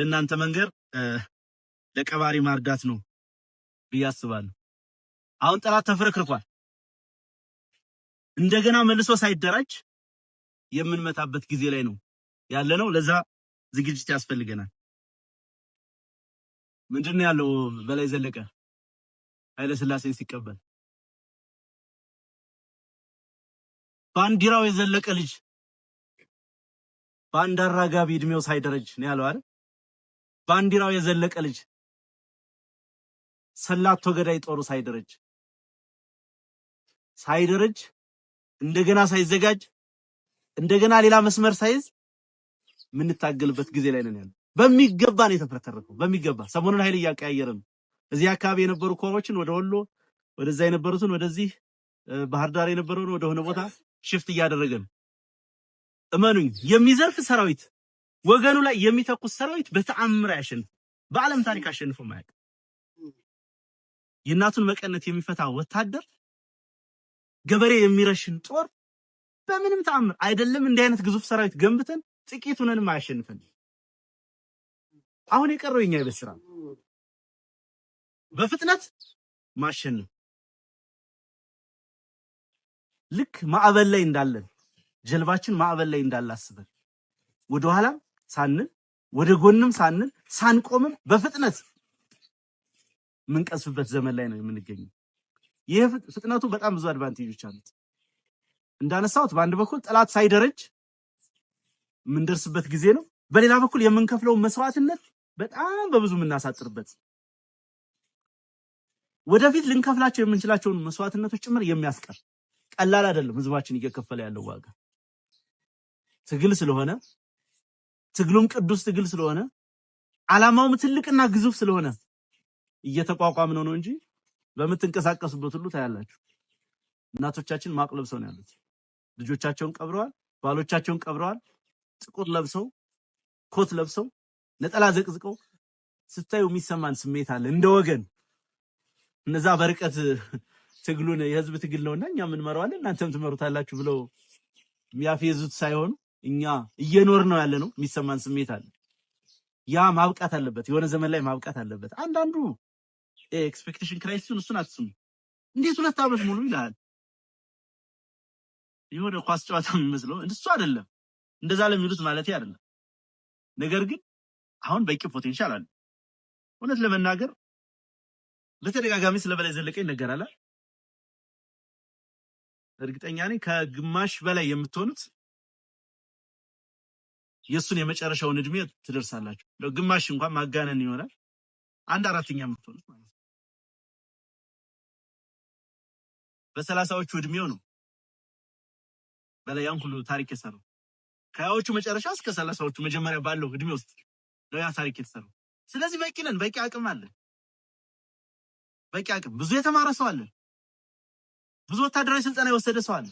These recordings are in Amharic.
ለእናንተ መንገር ለቀባሪ ማርዳት ነው ብዬ አስባለሁ። አሁን ጠላት ተፍረክርኳል። እንደገና መልሶ ሳይደራጅ የምንመታበት ጊዜ ላይ ነው ያለ ነው። ለዛ ዝግጅት ያስፈልገናል። ምንድን ነው ያለው? በላይ ዘለቀ ኃይለ ሥላሴን ሲቀበል ባንዲራው የዘለቀ ልጅ በአንድ አራጋቢ እድሜው ሳይደረጅ ነው ያለው አይደል? ባንዲራው የዘለቀ ልጅ ሰላቶ ገዳይ ጦሩ ሳይደረጅ ሳይደረጅ እንደገና ሳይዘጋጅ እንደገና ሌላ መስመር ሳይዝ የምንታገልበት ጊዜ ላይ ነን ያለ በሚገባ ነው የተፈረተረፈው። በሚገባ ሰሞኑን ኃይል እያቀያየረ እዚህ አካባቢ የነበሩ ኮሮችን ወደ ወሎ፣ ወደዛ የነበሩትን ወደዚህ፣ ባህር ዳር የነበረውን ወደሆነ ቦታ ሽፍት እያደረገ እመኑኝ የሚዘርፍ ሰራዊት ወገኑ ላይ የሚተኩስ ሰራዊት በተአምር ያሸንፍ በዓለም ታሪክ አሸንፎ ማያውቅ የእናቱን መቀነት የሚፈታ ወታደር ገበሬ የሚረሽን ጦር በምንም ተአምር አይደለም። እንዲህ አይነት ግዙፍ ሰራዊት ገንብተን ጥቂት ሆነንም አያሸንፈን። አሁን የቀረው የኛ የቤት ስራ በፍጥነት ማሸነፍ ልክ ማዕበል ላይ እንዳለን ጀልባችን ማዕበል ላይ እንዳለ አስበን ወደኋላ ሳንል ወደ ጎንም ሳንል ሳንቆምም በፍጥነት የምንቀስፍበት ዘመን ላይ ነው የምንገኘው። ይህ ፍጥነቱ በጣም ብዙ አድቫንቴጆች አሉት። እንዳነሳሁት በአንድ በኩል ጠላት ሳይደረጅ የምንደርስበት ጊዜ ነው። በሌላ በኩል የምንከፍለው መስዋዕትነት በጣም በብዙ የምናሳጥርበት ወደፊት ልንከፍላቸው የምንችላቸውን መስዋዕትነቶች ጭምር የሚያስቀር ቀላል አይደለም። ህዝባችን እየከፈለ ያለው ዋጋ ትግል ስለሆነ ትግሉም ቅዱስ ትግል ስለሆነ ዓላማውም ትልቅና ግዙፍ ስለሆነ እየተቋቋም ነው ነው እንጂ በምትንቀሳቀሱበት ሁሉ ታያላችሁ። እናቶቻችን ማቅ ለብሰው ነው ያሉት። ልጆቻቸውን ቀብረዋል፣ ባሎቻቸውን ቀብረዋል። ጥቁር ለብሰው ኮት ለብሰው ነጠላ ዘቅዝቀው ስታዩ የሚሰማን ስሜት አለ እንደ ወገን። እነዛ በርቀት ትግሉን የህዝብ ትግል ነውና እኛ የምንመራዋለን እናንተም ትመሩታላችሁ ብለው የሚያፌዙት ሳይሆኑ እኛ እየኖር ነው ያለ ነው የሚሰማን ስሜት አለ። ያ ማብቃት አለበት፣ የሆነ ዘመን ላይ ማብቃት አለበት። አንዳንዱ ኤክስፔክቴሽን ክራይሲሱን እሱን አትስሙ። እንዴት ሁለት ዓመት ሙሉ ይላል የሆነ ኳስ ጨዋታ የሚመስለው እንደሱ አይደለም። እንደዛ ለሚሉት ማለት አይደለም። ነገር ግን አሁን በቂ ፖቴንሻል አለ። እውነት ለመናገር በተደጋጋሚ ስለ በላይ ዘለቀ ይነገራል። እርግጠኛ ነኝ ከግማሽ በላይ የምትሆኑት የእሱን የመጨረሻውን እድሜ ትደርሳላችሁ። ግማሽ እንኳን ማጋነን ይሆናል። አንድ አራተኛ የምትሆኑት ማለት ነው። በሰላሳዎቹ እድሜው ነው በላይ ያን ሁሉ ታሪክ የሰራው ከሀያዎቹ መጨረሻ እስከ ሰላሳዎቹ መጀመሪያ ባለው እድሜ ውስጥ ነው ያ ታሪክ የተሰራው። ስለዚህ በቂ ነን፣ በቂ አቅም አለን፣ በቂ አቅም ብዙ የተማረ ሰው አለን፣ ብዙ ወታደራዊ ስልጠና የወሰደ ሰው አለ።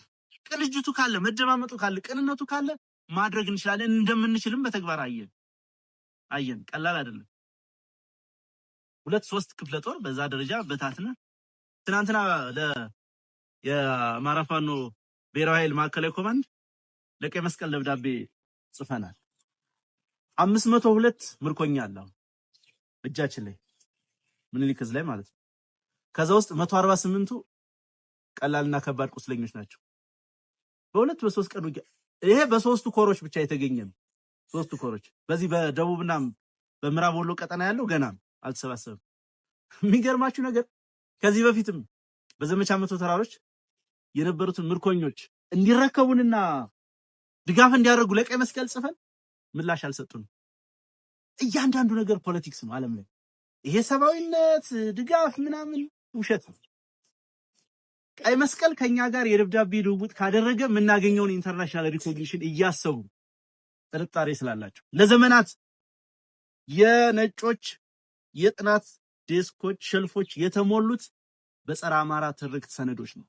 ቅንጅቱ ካለ፣ መደማመጡ ካለ፣ ቅንነቱ ካለ ማድረግ እንችላለን፣ እንደምንችልም በተግባር አየን አየን። ቀላል አይደለም። ሁለት ሶስት ክፍለ ጦር በዛ ደረጃ በታትነ ትናንትና ለ የአማራ ፋኖ ብሔራዊ ኃይል ማዕከላዊ ኮማንድ ለቀይ መስቀል ደብዳቤ ጽፈናል። አምስት መቶ ሁለት ምርኮኛ አላው እጃችን ላይ ምኒልክ እዝ ላይ ማለት ነው። ከዛ ውስጥ መቶ አርባ ስምንቱ ቀላልና ከባድ ቁስለኞች ናቸው። በሁለት በሶስት ቀን ይሄ በሶስቱ ኮሮች ብቻ የተገኘ ነው። ሶስቱ ኮሮች በዚህ በደቡብና በምዕራብ ወሎ ቀጠና ያለው ገና አልተሰባሰብም። የሚገርማችሁ ነገር ከዚህ በፊትም በዘመቻ መቶ ተራሮች የነበሩትን ምርኮኞች እንዲረከቡንና ድጋፍ እንዲያደርጉ ለቀይ መስቀል ጽፈን ምላሽ አልሰጡንም። እያንዳንዱ ነገር ፖለቲክስ ነው ዓለም ላይ ይሄ ሰብአዊነት ድጋፍ ምናምን ውሸት ነው። ቀይ መስቀል ከኛ ጋር የደብዳቤ ልውውጥ ካደረገ የምናገኘውን ኢንተርናሽናል ሪኮግኒሽን እያሰቡ ጥርጣሬ ስላላቸው ለዘመናት የነጮች የጥናት ዴስኮች፣ ሸልፎች የተሞሉት በጸረ አማራ ትርክት ሰነዶች ነው።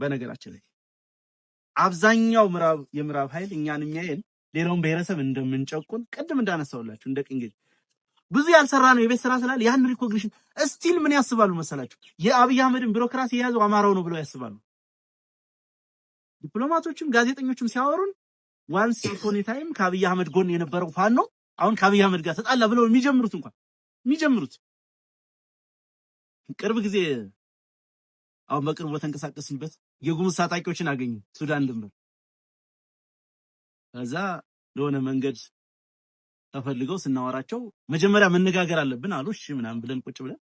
በነገራችን ላይ አብዛኛው ምዕራብ የምዕራብ ኃይል እኛን የሚያየን ሌላውን ብሔረሰብ እንደምንጨቁን ቅድም እንዳነሳውላችሁ እንደ ብዙ ያልሰራ ነው የቤት ስራ ስላለ ያን ሪኮግኒሽን እስቲል ምን ያስባሉ መሰላችሁ? የአብይ አህመድን ቢሮክራሲ የያዘው አማራው ነው ብለው ያስባሉ። ዲፕሎማቶችም ጋዜጠኞችም ሲያወሩን ዋንስ ኢኮኒ ታይም ከአብይ አህመድ ጎን የነበረው ፋኖ አሁን ከአብይ አህመድ ጋር ተጣላ ብለው የሚጀምሩት እንኳን የሚጀምሩት ቅርብ ጊዜ አሁን በቅርቡ በተንቀሳቀስንበት የጉሙዝ ታጣቂዎችን አገኙ ሱዳን ድንበር ከዛ ለሆነ መንገድ ተፈልገው ስናወራቸው መጀመሪያ መነጋገር አለብን አሉ። እሺ ምናምን ብለን ቁጭ ብለን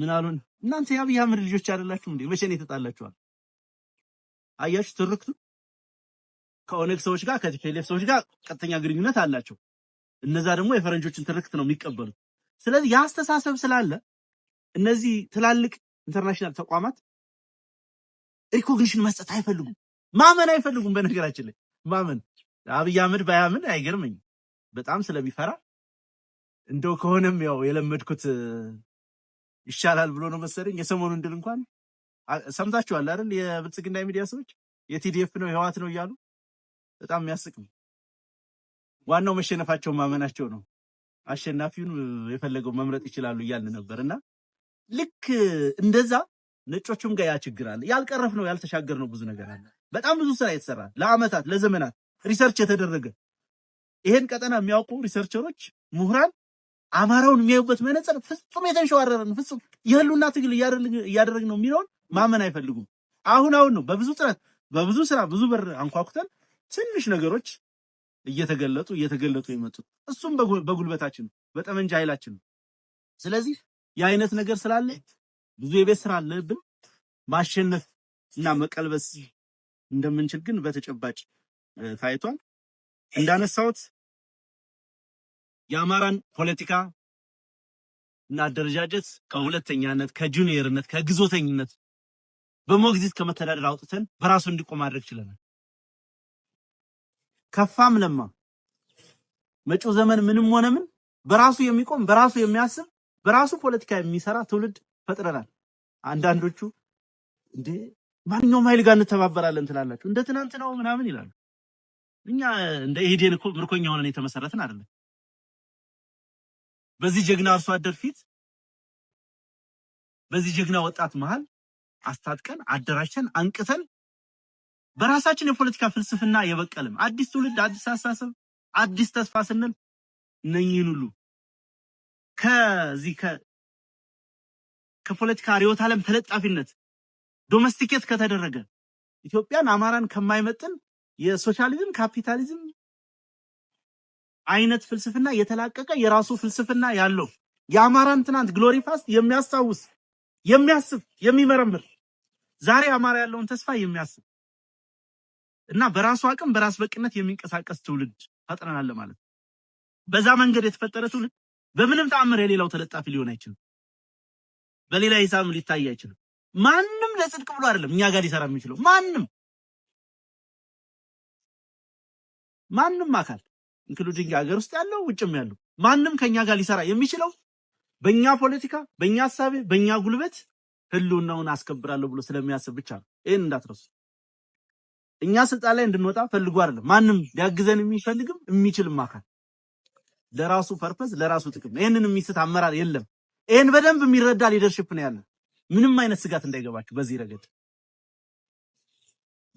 ምን አሉን፣ እናንተ የአብይ አህመድ ልጆች አይደላችሁ እንዴ? መቼ ነው የተጣላችኋል? አያችሁ፣ ትርክቱ ከኦነግ ሰዎች ጋር ከቲፒኤልኤፍ ሰዎች ጋር ቀጥተኛ ግንኙነት አላቸው። እነዛ ደግሞ የፈረንጆችን ትርክት ነው የሚቀበሉት። ስለዚህ የአስተሳሰብ ስላለ እነዚህ ትላልቅ ኢንተርናሽናል ተቋማት ሪኮግኒሽን መስጠት አይፈልጉም፣ ማመን አይፈልጉም። በነገራችን ላይ ማመን አብይ አህመድ ባያምን አይገርመኝም። በጣም ስለሚፈራ እንደው ከሆነም ያው የለመድኩት ይሻላል ብሎ ነው መሰለኝ። የሰሞኑን እንድል እንኳን ሰምታችኋል አይደል? የብልጽግና የሚዲያ ሰዎች የቲዲኤፍ ነው የህዋት ነው እያሉ በጣም የሚያስቅ ነው። ዋናው መሸነፋቸው ማመናቸው ነው። አሸናፊውን የፈለገው መምረጥ ይችላሉ እያልን ነበር እና ልክ እንደዛ ነጮቹም ጋር ያ ችግር አለ። ያልቀረፍ ነው ያልተሻገር ነው ብዙ ነገር አለ። በጣም ብዙ ስራ የተሰራ ለአመታት ለዘመናት ሪሰርች የተደረገ ይሄን ቀጠና የሚያውቁ ሪሰርቸሮች፣ ምሁራን አማራውን የሚያዩበት መነጽር ፍጹም የተንሸዋረረን ፍጹም የህሉና ትግል እያደረግ ነው የሚለውን ማመን አይፈልጉም። አሁን አሁን ነው በብዙ ጥረት በብዙ ስራ ብዙ በር አንኳኩተን ትንሽ ነገሮች እየተገለጡ እየተገለጡ የመጡት እሱም በጉልበታችን በጠመንጃ ኃይላችን ነው። ስለዚህ የአይነት ነገር ስላለ ብዙ የቤት ስራ አለብን። ማሸነፍ እና መቀልበስ እንደምንችል ግን በተጨባጭ ታይቷል። እንዳነሳሁት የአማራን ፖለቲካ እና አደረጃጀት ከሁለተኛነት ከጁኒየርነት ከግዞተኝነት በሞግዚት ከመተዳደር አውጥተን በራሱ እንዲቆም ማድረግ ችለናል። ከፋም ለማ መጪው ዘመን ምንም ሆነ ምን በራሱ የሚቆም በራሱ የሚያስብ በራሱ ፖለቲካ የሚሰራ ትውልድ ፈጥረናል። አንዳንዶቹ እንዴ ማንኛውም ኃይል ጋር እንተባበራለን ትላላችሁ እንደ ትናንትናው ምናምን ይላሉ። እኛ እንደ ኢህዴን እኮ ምርኮኛ ሆነን የተመሰረትን አይደለም። በዚህ ጀግና አርሶ አደር ፊት በዚህ ጀግና ወጣት መሃል አስታጥቀን አደራጅተን አንቅተን በራሳችን የፖለቲካ ፍልስፍና የበቀልም አዲስ ትውልድ፣ አዲስ አስተሳሰብ፣ አዲስ ተስፋ ስንል እነኝህን ሁሉ ከዚህ ከፖለቲካ ርዕዮተ ዓለም ተለጣፊነት ዶሜስቲኬት ከተደረገ ኢትዮጵያን አማራን ከማይመጥን የሶሻሊዝም ካፒታሊዝም አይነት ፍልስፍና የተላቀቀ የራሱ ፍልስፍና ያለው የአማራን ትናንት ግሎሪ ፓስት የሚያስታውስ የሚያስብ የሚመረምር ዛሬ አማራ ያለውን ተስፋ የሚያስብ እና በራሱ አቅም በራስ በቅነት የሚንቀሳቀስ ትውልድ ፈጥረናል ማለት ነው። በዛ መንገድ የተፈጠረ ትውልድ በምንም ተአምር የሌላው ተለጣፊ ሊሆን አይችልም። በሌላ ሂሳብም ሊታይ አይችልም። ማንም ለጽድቅ ብሎ አይደለም እኛ ጋር ሊሰራ የሚችለው ማንም ማንም አካል ኢንክሉዲንግ ሀገር ውስጥ ያለው ውጭም ያለው ማንም ከኛ ጋር ሊሰራ የሚችለው በእኛ ፖለቲካ፣ በእኛ ሀሳቤ፣ በእኛ ጉልበት ህልውናውን አስከብራለሁ ብሎ ስለሚያስብ ብቻ ነው። ይህን እንዳትረሱ። እኛ ስልጣን ላይ እንድንወጣ ፈልጎ አይደለም። ማንም ሊያግዘን የሚፈልግም የሚችልም አካል ለራሱ ፐርፐዝ ለራሱ ጥቅም ይህንን የሚስት አመራር የለም። ይህን በደንብ የሚረዳ ሊደርሽፕ ነው ያለን። ምንም አይነት ስጋት እንዳይገባችሁ በዚህ ረገድ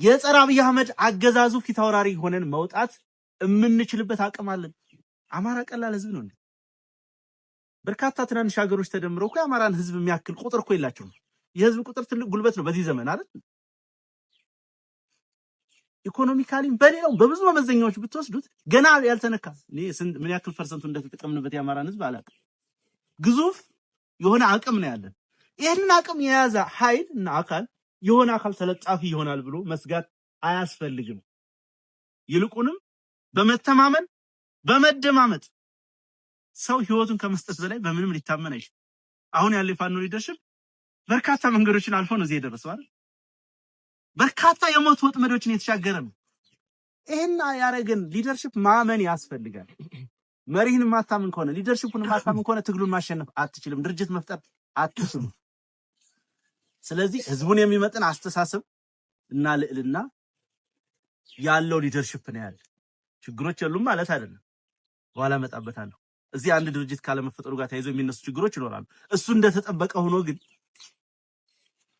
የጸረ አብይ አህመድ አገዛዙ ፊታውራሪ ሆነን መውጣት የምንችልበት አቅም አለን። አማራ ቀላል ህዝብ ነው። በርካታ ትናንሽ ሀገሮች ተደምረው እኮ የአማራን ህዝብ የሚያክል ቁጥር እኮ የላቸውም። የህዝብ ቁጥር ትልቅ ጉልበት ነው በዚህ ዘመን አይደል? ኢኮኖሚካሊም በሌላው በብዙ መመዘኛዎች ብትወስዱት ገና ያልተነካ ምን ያክል ፐርሰንቱ እንደተጠቀምንበት የአማራን ህዝብ አላውቅም። ግዙፍ የሆነ አቅም ነው ያለን። ይህንን አቅም የያዘ ኃይል እና አካል የሆነ አካል ተለጣፊ ይሆናል ብሎ መስጋት አያስፈልግም። ይልቁንም በመተማመን በመደማመጥ ሰው ህይወቱን ከመስጠት በላይ በምንም ሊታመን አይችልም። አሁን ያለ የፋኖ ሊደርሽፕ በርካታ መንገዶችን አልፎ ነው እዚህ የደረሰው በርካታ የሞት ወጥመዶችን የተሻገረ ነው። ይህና ያረግን ሊደርሽፕ ማመን ያስፈልጋል። መሪህን ማታምን ከሆነ ሊደርሽፑን ማታምን ከሆነ ትግሉን ማሸነፍ አትችልም። ድርጅት መፍጠር አትችሉም። ስለዚህ ህዝቡን የሚመጥን አስተሳሰብ እና ልዕልና ያለው ሊደርሽፕ ነው ያለ። ችግሮች የሉም ማለት አይደለም። በኋላ እመጣበታለሁ። እዚህ አንድ ድርጅት ካለመፈጠሩ ጋር ተያይዞ የሚነሱ ችግሮች ይኖራሉ። እሱ እንደተጠበቀ ሆኖ ግን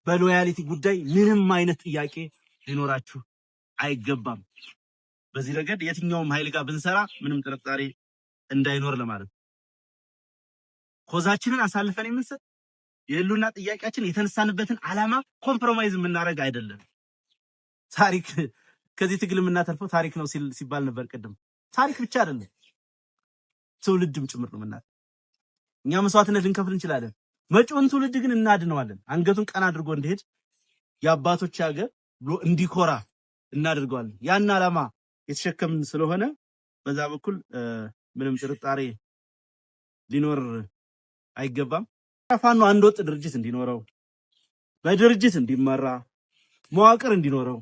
በሎያሊቲ ጉዳይ ምንም አይነት ጥያቄ ሊኖራችሁ አይገባም። በዚህ ረገድ የትኛውም ኃይል ጋር ብንሰራ ምንም ጥርጣሬ እንዳይኖር ለማለት ነው። ኮዛችንን አሳልፈን የምንሰጥ የህሉና ጥያቄያችን የተነሳንበትን ዓላማ ኮምፕሮማይዝ የምናደርግ አይደለም። ታሪክ ከዚህ ትግል የምናተርፈው ታሪክ ነው ሲባል ነበር ቅድም። ታሪክ ብቻ አይደለም ትውልድም ጭምር ነው የምናት እኛ መስዋዕትነት ልንከፍል እንችላለን። መጪውን ትውልድ ግን እናድነዋለን። አንገቱን ቀና አድርጎ እንዲሄድ የአባቶች ሀገር ብሎ እንዲኮራ እናደርገዋለን። ያን ዓላማ የተሸከምን ስለሆነ በዛ በኩል ምንም ጥርጣሬ ሊኖር አይገባም። ፋኖ አንድ ወጥ ድርጅት እንዲኖረው በድርጅት እንዲመራ መዋቅር እንዲኖረው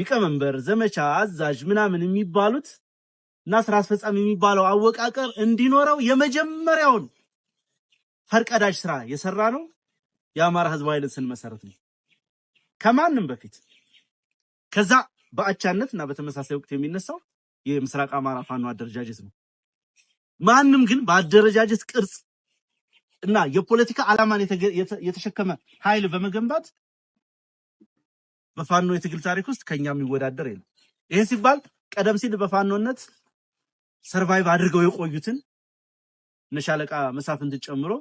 ሊቀመንበር፣ ዘመቻ አዛዥ ምናምን የሚባሉት እና ስራ አስፈጻሚ የሚባለው አወቃቀር እንዲኖረው የመጀመሪያውን ፈርቀዳጅ ስራ የሰራ ነው የአማራ ህዝብ ኃይልን ስንመሰረት ነው ከማንም በፊት። ከዛ በአቻነት እና በተመሳሳይ ወቅት የሚነሳው የምስራቅ አማራ ፋኖ አደረጃጀት ነው። ማንም ግን በአደረጃጀት ቅርጽ እና የፖለቲካ ዓላማን የተሸከመ ኃይል በመገንባት በፋኖ የትግል ታሪክ ውስጥ ከኛ የሚወዳደር የለም። ይህ ሲባል ቀደም ሲል በፋኖነት ሰርቫይቭ አድርገው የቆዩትን ነሻለቃ መሳፍንት ጨምሮ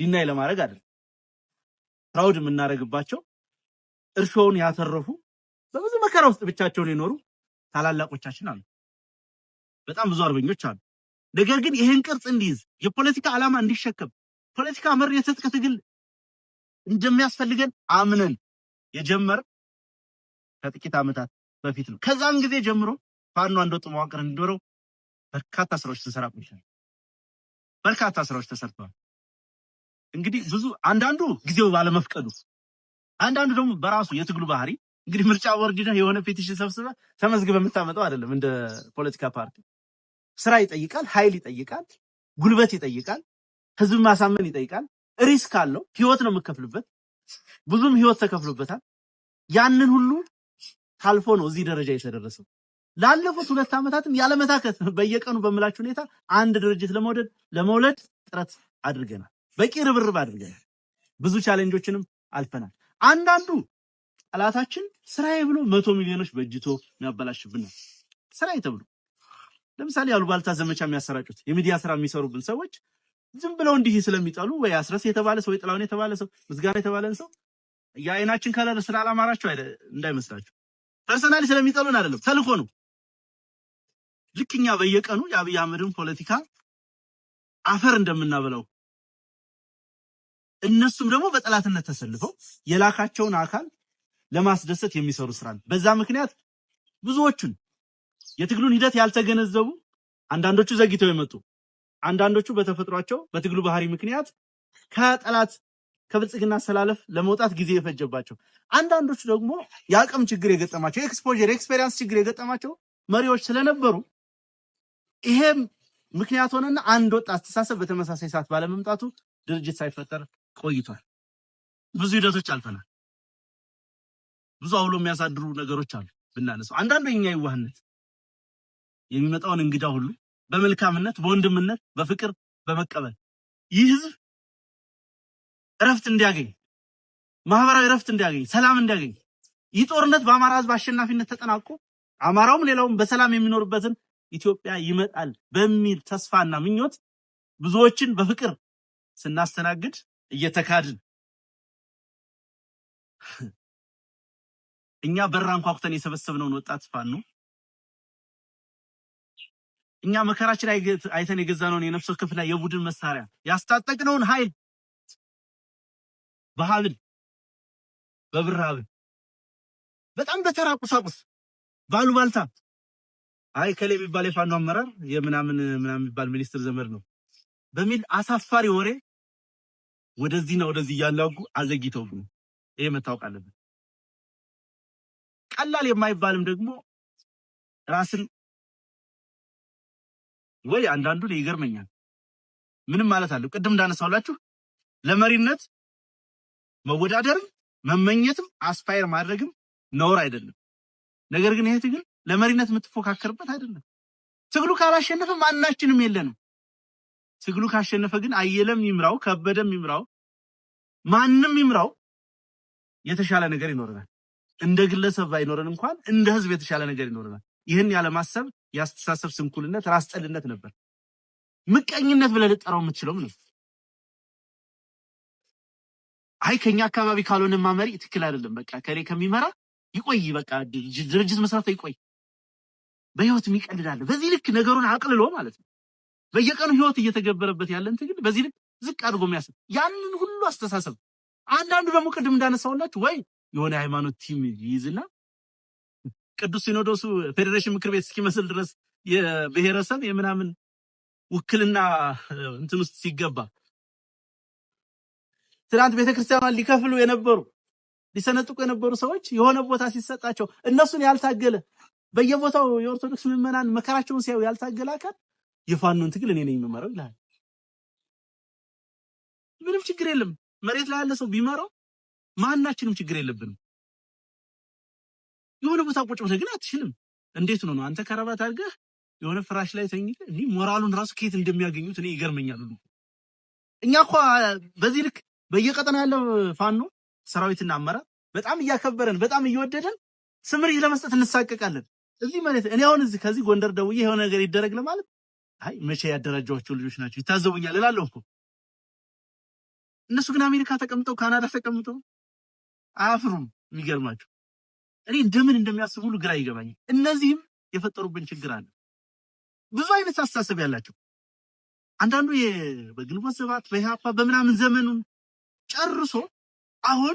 ዲናይ ለማድረግ አይደለም። ፕራውድ የምናደርግባቸው እርሾውን ያተረፉ በብዙ መከራ ውስጥ ብቻቸውን የኖሩ ታላላቆቻችን አሉ። በጣም ብዙ አርበኞች አሉ። ነገር ግን ይህን ቅርጽ እንዲይዝ የፖለቲካ ዓላማ እንዲሸከም ፖለቲካ መር የትጥቅ ትግል እንደሚያስፈልገን አምነን የጀመር ከጥቂት ዓመታት በፊት ነው። ከዛን ጊዜ ጀምሮ ፋኖ አንድ ወጥ መዋቅር እንዲኖረው በርካታ ስራዎች ተሰራ ቆይተናል። በርካታ ስራዎች ተሰርተዋል። እንግዲህ ብዙ አንዳንዱ ጊዜው ባለመፍቀዱ፣ አንዳንዱ ደግሞ በራሱ የትግሉ ባህሪ እንግዲህ ምርጫ ወርድና የሆነ ፔቲሽን ሰብስበ ተመዝግበ የምታመጣው አይደለም። እንደ ፖለቲካ ፓርቲ ስራ ይጠይቃል፣ ኃይል ይጠይቃል፣ ጉልበት ይጠይቃል፣ ህዝብ ማሳመን ይጠይቃል። ሪስክ አለው። ህይወት ነው የምከፍልበት። ብዙም ህይወት ተከፍሎበታል። ያንን ሁሉ ታልፎ ነው እዚህ ደረጃ የተደረሰው። ላለፉት ሁለት ዓመታትም ያለመታከት በየቀኑ በምላችሁ ሁኔታ አንድ ድርጅት ለመውደድ ለመውለድ ጥረት አድርገናል። በቂ ርብርብ አድርገናል። ብዙ ቻሌንጆችንም አልፈናል። አንዳንዱ ጠላታችን ስራዬ ብሎ መቶ ሚሊዮኖች በእጅቶ ነው። ስራዬ ተብሎ ለምሳሌ አሉባልታ ዘመቻ የሚያሰራጩት የሚዲያ ስራ የሚሰሩብን ሰዎች ዝም ብለው እንዲህ ስለሚጠሉ ወይ አስረስ የተባለ ሰው ወይ ጥላውን የተባለ ሰው ምዝጋና የተባለን ሰው የአይናችን ከለር ስላላማራቸው አይደ እንዳይመስላችሁ ፐርሰናሊ ስለሚጠሉን አይደለም፣ ተልኮ ነው። ልክ እኛ በየቀኑ የአብይ አህመድን ፖለቲካ አፈር እንደምናበላው እነሱም ደግሞ በጠላትነት ተሰልፈው የላካቸውን አካል ለማስደሰት የሚሰሩ ስራ ነው። በዛ ምክንያት ብዙዎቹን የትግሉን ሂደት ያልተገነዘቡ አንዳንዶቹ ዘግተው የመጡ አንዳንዶቹ በተፈጥሯቸው በትግሉ ባህሪ ምክንያት ከጠላት ከብልጽግና አሰላለፍ ለመውጣት ጊዜ የፈጀባቸው፣ አንዳንዶቹ ደግሞ የአቅም ችግር የገጠማቸው የኤክስፖዥር ኤክስፔሪንስ ችግር የገጠማቸው መሪዎች ስለነበሩ ይሄም ምክንያት ሆነና አንድ ወጥ አስተሳሰብ በተመሳሳይ ሰዓት ባለመምጣቱ ድርጅት ሳይፈጠር ቆይቷል። ብዙ ሂደቶች አልፈናል። ብዙ አውሎ የሚያሳድሩ ነገሮች አሉ ብናነሳው አንዳንዱ የኛ ይዋህነት የሚመጣውን እንግዳ ሁሉ በመልካምነት በወንድምነት በፍቅር በመቀበል ይህ ህዝብ እረፍት እንዲያገኝ ማህበራዊ እረፍት እንዲያገኝ ሰላም እንዲያገኝ ይህ ጦርነት በአማራ ህዝብ አሸናፊነት ተጠናቆ አማራውም ሌላውም በሰላም የሚኖርበትን ኢትዮጵያ ይመጣል በሚል ተስፋና ምኞት ብዙዎችን በፍቅር ስናስተናግድ እየተካድን እኛ በራን ኩተን የሰበሰብነውን ወጣት ፋኖ እኛ መከራችን አይተን የገዛነውን የነፍስ ወከፍ ላይ የቡድን መሳሪያ ያስታጠቅነውን ኃይል በሀብል በብር በጣም በተራ ቁሳቁስ ባሉባልታ አይ ከሌ የሚባል የፋኖ አመራር የምናምን ምናምን የሚባል ሚኒስትር ዘመድ ነው በሚል አሳፋሪ ወሬ ወደዚህና ወደዚህ እያላጉ አዘግይተውብን፣ ይሄ መታወቅ አለብን። ቀላል የማይባልም ደግሞ ራስን ወይ አንዳንዱ ላይ ይገርመኛል። ምንም ማለት አለው ቅድም እንዳነሳውላችሁ ለመሪነት መወዳደርም መመኘትም አስፓየር ማድረግም ነውር አይደለም። ነገር ግን ይሄ ትግል ለመሪነት የምትፎካከርበት አይደለም። ትግሉ ካላሸነፈ ማናችንም የለንም። ትግሉ ካሸነፈ ግን አየለም ይምራው፣ ከበደም ይምራው፣ ማንም ይምራው የተሻለ ነገር ይኖረናል። እንደ ግለሰብ ባይኖረን እንኳን እንደ ህዝብ የተሻለ ነገር ይኖረናል። ይህን ያለማሰብ የአስተሳሰብ ስንኩልነት ራስ ጠልነት ነበር። ምቀኝነት ብለህ ልጠራው የምትችለው ነው። አይ ከኛ አካባቢ ካልሆነ ማመሪ ትክክል አይደለም፣ በቃ ከኔ ከሚመራ ይቆይ፣ በቃ ድርጅት መስራት ይቆይ፣ በህይወት ይቀልዳል። በዚህ ልክ ነገሩን አቅልሎ ማለት ነው። በየቀኑ ህይወት እየተገበረበት ያለን ትግል በዚህ ልክ ዝቅ አድርጎ የሚያስብ ያንን ሁሉ አስተሳሰብ አንዳንዱ ደግሞ ቅድም እንዳነሳውላችሁ ወይ የሆነ ሃይማኖት ቲም ይይዝና ቅዱስ ሲኖዶሱ ፌዴሬሽን ምክር ቤት እስኪመስል ድረስ የብሔረሰብ የምናምን ውክልና እንትን ውስጥ ሲገባ ትናንት ቤተክርስቲያኗን ሊከፍሉ የነበሩ ሊሰነጥቁ የነበሩ ሰዎች የሆነ ቦታ ሲሰጣቸው እነሱን ያልታገለ በየቦታው የኦርቶዶክስ ምዕመናን መከራቸውን ሲያዩ ያልታገለ አካል የፋኖን ትግል እኔ ነኝ የምመራው ይላል። ምንም ችግር የለም። መሬት ላይ ያለ ሰው ቢመራው ማናችንም ችግር የለብንም። የሆነ ቦታ ቁጭ ብለህ ግን አትችልም። እንዴት ነው አንተ ከረባት አድርገህ የሆነ ፍራሽ ላይ ተኝተህ እኔ ሞራሉን ራሱ ከየት እንደሚያገኙት እኔ ይገርመኛል። ሁሉ እኛ እኮ በዚህ ልክ በየቀጠና ያለው ፋኖ ሰራዊትና አመራር በጣም እያከበረን በጣም እየወደደን ስምሪት ለመስጠት እንሳቀቃለን። እዚህ ማለት እኔ አሁን እዚህ ከዚህ ጎንደር ደውዬ የሆነ ነገር ይደረግ ለማለት አይ መቼ ያደራጀኋቸው ልጆች ናቸው ይታዘቡኛል እላለሁ እኮ። እነሱ ግን አሜሪካ ተቀምጠው ካናዳ ተቀምጠው አያፍሩም። የሚገርማቸው እኔ እንደምን እንደሚያስቡ ሁሉ ግራ ይገባኛል። እነዚህም የፈጠሩብን ችግር አለ። ብዙ አይነት አስተሳሰብ ያላቸው አንዳንዱ በግንቦት ሰባት በኢህአፓ በምናምን ዘመኑን ጨርሶ አሁን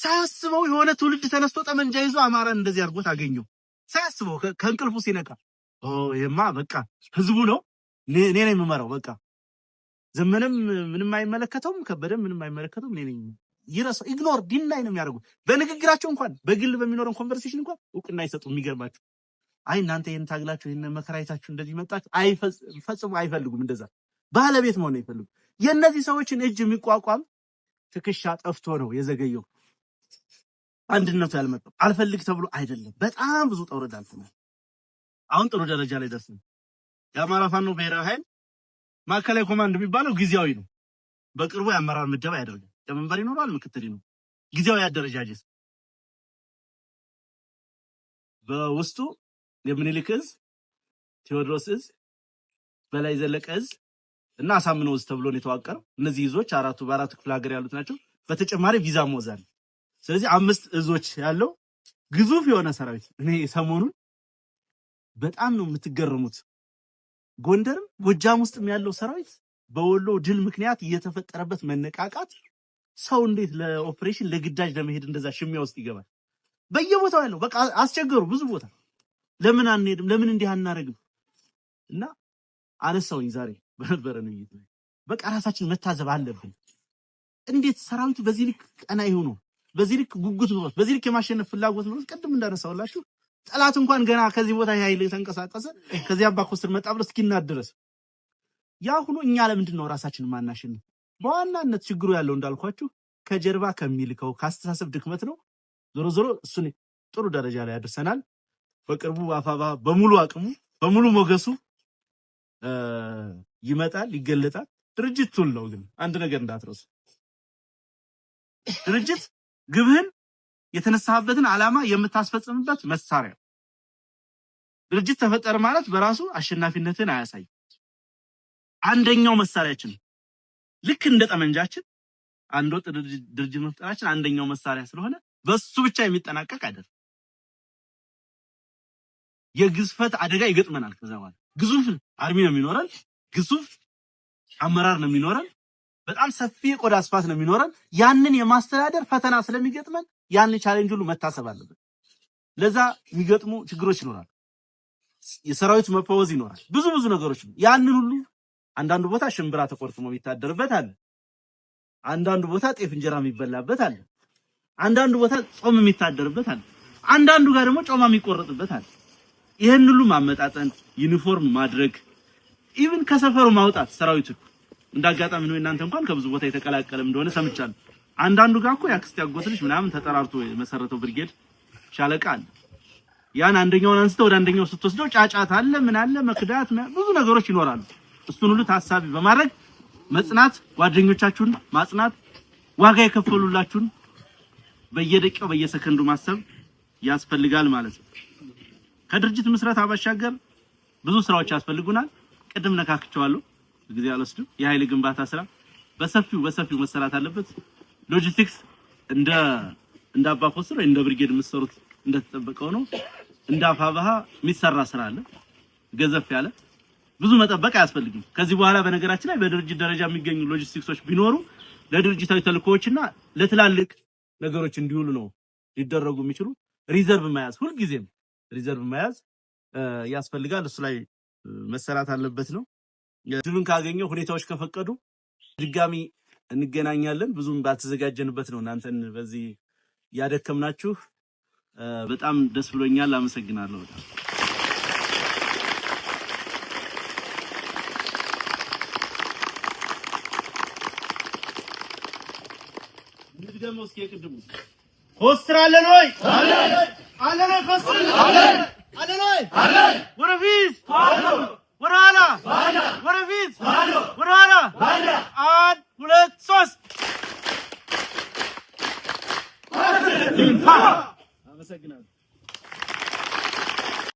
ሳያስበው የሆነ ትውልድ ተነስቶ ጠመንጃ ይዞ አማራን እንደዚህ አድርጎት አገኘው። ሳያስበው ከእንቅልፉ ሲነቃ ይህማ በቃ ህዝቡ ነው እኔ ነው የምመራው፣ በቃ ዘመንም ምንም አይመለከተውም፣ ከበደም ምንም አይመለከተውም እኔ ነኝ ይረሱ ኢግኖር ዲናይ ነው የሚያደርጉት። በንግግራቸው እንኳን በግል በሚኖረን ኮንቨርሴሽን እንኳን እውቅና አይሰጡ። የሚገርማቸው አይ እናንተ ይህን ታግላችሁ ይህን መከራየታችሁ እንደዚህ መጣችሁ ፈጽሞ አይፈልጉም። እንደዛ ባለቤት መሆን ይፈልጉ። የእነዚህ ሰዎችን እጅ የሚቋቋም ትከሻ ጠፍቶ ነው የዘገየው። አንድነቱ ያልመጣው አልፈልግ ተብሎ አይደለም። በጣም ብዙ ጠውረድ አልፈናል። አሁን ጥሩ ደረጃ ላይ ደርስ። የአማራ ፋኖ ብሔራዊ ኃይል ማዕከላዊ ኮማንድ የሚባለው ጊዜያዊ ነው። በቅርቡ የአመራር ምደባ ያደርጋል። ሊቀመንበር ይኖረዋል፣ ምክትል ይኖረዋል። ጊዜያዊ አደረጃጀት በውስጡ የምኒልክ እዝ፣ ቴዎድሮስ እዝ፣ በላይ ዘለቀ እዝ እና አሳምነው እዝ ተብሎ ነው የተዋቀረው። እነዚህ እዞች አራቱ በአራቱ ክፍለ ሀገር ያሉት ናቸው። በተጨማሪ ቪዛ ሞዛል። ስለዚህ አምስት እዞች ያለው ግዙፍ የሆነ ሰራዊት። እኔ ሰሞኑን በጣም ነው የምትገርሙት። ጎንደርም ጎጃም ውስጥም ያለው ሰራዊት በወሎ ድል ምክንያት እየተፈጠረበት መነቃቃት ሰው እንዴት ለኦፕሬሽን ለግዳጅ ለመሄድ እንደዛ ሽሚያ ውስጥ ይገባል? በየቦታው ያለው በቃ አስቸገሩ። ብዙ ቦታ ለምን አንሄድም? ለምን እንዲህ አናደርግም? እና አነሳውኝ ዛሬ በነበረ ውይይት በቃ ራሳችን መታዘብ አለብን። እንዴት ሰራዊቱ በዚህ ልክ ቀና ይሆኑ፣ በዚህ ልክ ጉጉት በዚህ ልክ የማሸነፍ ፍላጎት ነው። ቅድም እንዳነሳውላችሁ ጠላት እንኳን ገና ከዚህ ቦታ ኃይል የተንቀሳቀሰ ከዚህ አባኮስር መጣ ብሎ እስኪናደረስ ያ ሁሉ እኛ ለምንድን ነው ራሳችን ማናሸንፍ? በዋናነት ችግሩ ያለው እንዳልኳችሁ ከጀርባ ከሚልከው ከአስተሳሰብ ድክመት ነው። ዞሮ ዞሮ እሱን ጥሩ ደረጃ ላይ ያደርሰናል። በቅርቡ አፋባ በሙሉ አቅሙ በሙሉ ሞገሱ ይመጣል፣ ይገለጣል። ድርጅት ቱል ነው። ግን አንድ ነገር እንዳትረሱ፣ ድርጅት ግብህን የተነሳህበትን ዓላማ የምታስፈጽምበት መሳሪያ። ድርጅት ተፈጠረ ማለት በራሱ አሸናፊነትን አያሳይ። አንደኛው መሳሪያችን ልክ እንደ ጠመንጃችን አንድ ወጥ ድርጅት መፍጠራችን አንደኛው መሳሪያ ስለሆነ በሱ ብቻ የሚጠናቀቅ አይደለም። የግዝፈት አደጋ ይገጥመናል። ከዛ በኋላ ግዙፍ አርሚ ነው የሚኖረን፣ ግዙፍ አመራር ነው የሚኖረን፣ በጣም ሰፊ የቆዳ ስፋት ነው የሚኖረን። ያንን የማስተዳደር ፈተና ስለሚገጥመን ያንን ቻሌንጅ ሁሉ መታሰብ አለበት። ለዛ የሚገጥሙ ችግሮች ይኖራል። የሰራዊት መፈወዝ ይኖራል። ብዙ ብዙ ነገሮች ያንን ሁሉ አንዳንዱ ቦታ ሽምብራ ተቆርጥሞ የሚታደርበት አለ። አንዳንዱ ቦታ ጤፍ እንጀራ የሚበላበት አለ። አንዳንዱ ቦታ ጾም የሚታደርበት አለ። አንዳንዱ ጋር ደግሞ ጮማ የሚቆረጥበት አለ። ይህን ሁሉ ማመጣጠን፣ ዩኒፎርም ማድረግ፣ ኢቭን ከሰፈሩ ማውጣት ሰራዊቱ እንዳጋጣሚ ነው። እናንተ እንኳን ከብዙ ቦታ የተቀላቀለም እንደሆነ ሰምቻለሁ። አንዳንዱ ጋር እኮ ያክስት ያጎትልሽ ምናምን ተጠራርቶ የመሰረተው ብርጌድ ሻለቃ አለ። ያን አንደኛውን አንስተው ወደ አንደኛው ስትወስደው ጫጫት አለ፣ ምን አለ፣ መክዳት ብዙ ነገሮች ይኖራሉ። እሱን ሁሉ ታሳቢ በማድረግ መጽናት፣ ጓደኞቻችሁን ማጽናት፣ ዋጋ የከፈሉላችሁን በየደቂቃው በየሰከንዱ ማሰብ ያስፈልጋል ማለት ነው። ከድርጅት ምስረታ ባሻገር ብዙ ስራዎች ያስፈልጉናል። ቅድም ነካክቸዋለሁ፣ ጊዜ አልወስድም። የኃይል ግንባታ ስራ በሰፊው በሰፊው መሰራት አለበት። ሎጂስቲክስ እንደ እንደ አባ ፎስር ወይ እንደ ብርጌድ የምትሰሩት እንደተጠበቀው ነው። እንደ አፋባሃ የሚሰራ ስራ አለ ገዘፍ ያለ ብዙ መጠበቅ አያስፈልግም። ከዚህ በኋላ በነገራችን ላይ በድርጅት ደረጃ የሚገኙ ሎጂስቲክሶች ቢኖሩ ለድርጅታዊ ተልእኮዎችና ለትላልቅ ነገሮች እንዲውሉ ነው ሊደረጉ የሚችሉ። ሪዘርቭ መያዝ ሁልጊዜም ሪዘርቭ መያዝ ያስፈልጋል። እሱ ላይ መሰራት አለበት ነው። ድሉን ካገኘ ሁኔታዎች ከፈቀዱ ድጋሚ እንገናኛለን። ብዙም ባልተዘጋጀንበት ነው እናንተን በዚህ ያደከምናችሁ። በጣም ደስ ብሎኛል። አመሰግናለሁ በጣም ድገመው እስኪ የቅድሙ ኮስትር አለን ወይ አለን ወይ ኮስትር አለን አለን ወይ አለን ወረፊት ወራላ ወረፊት ወራላ አንድ ሁለት ሶስት አመሰግናለሁ።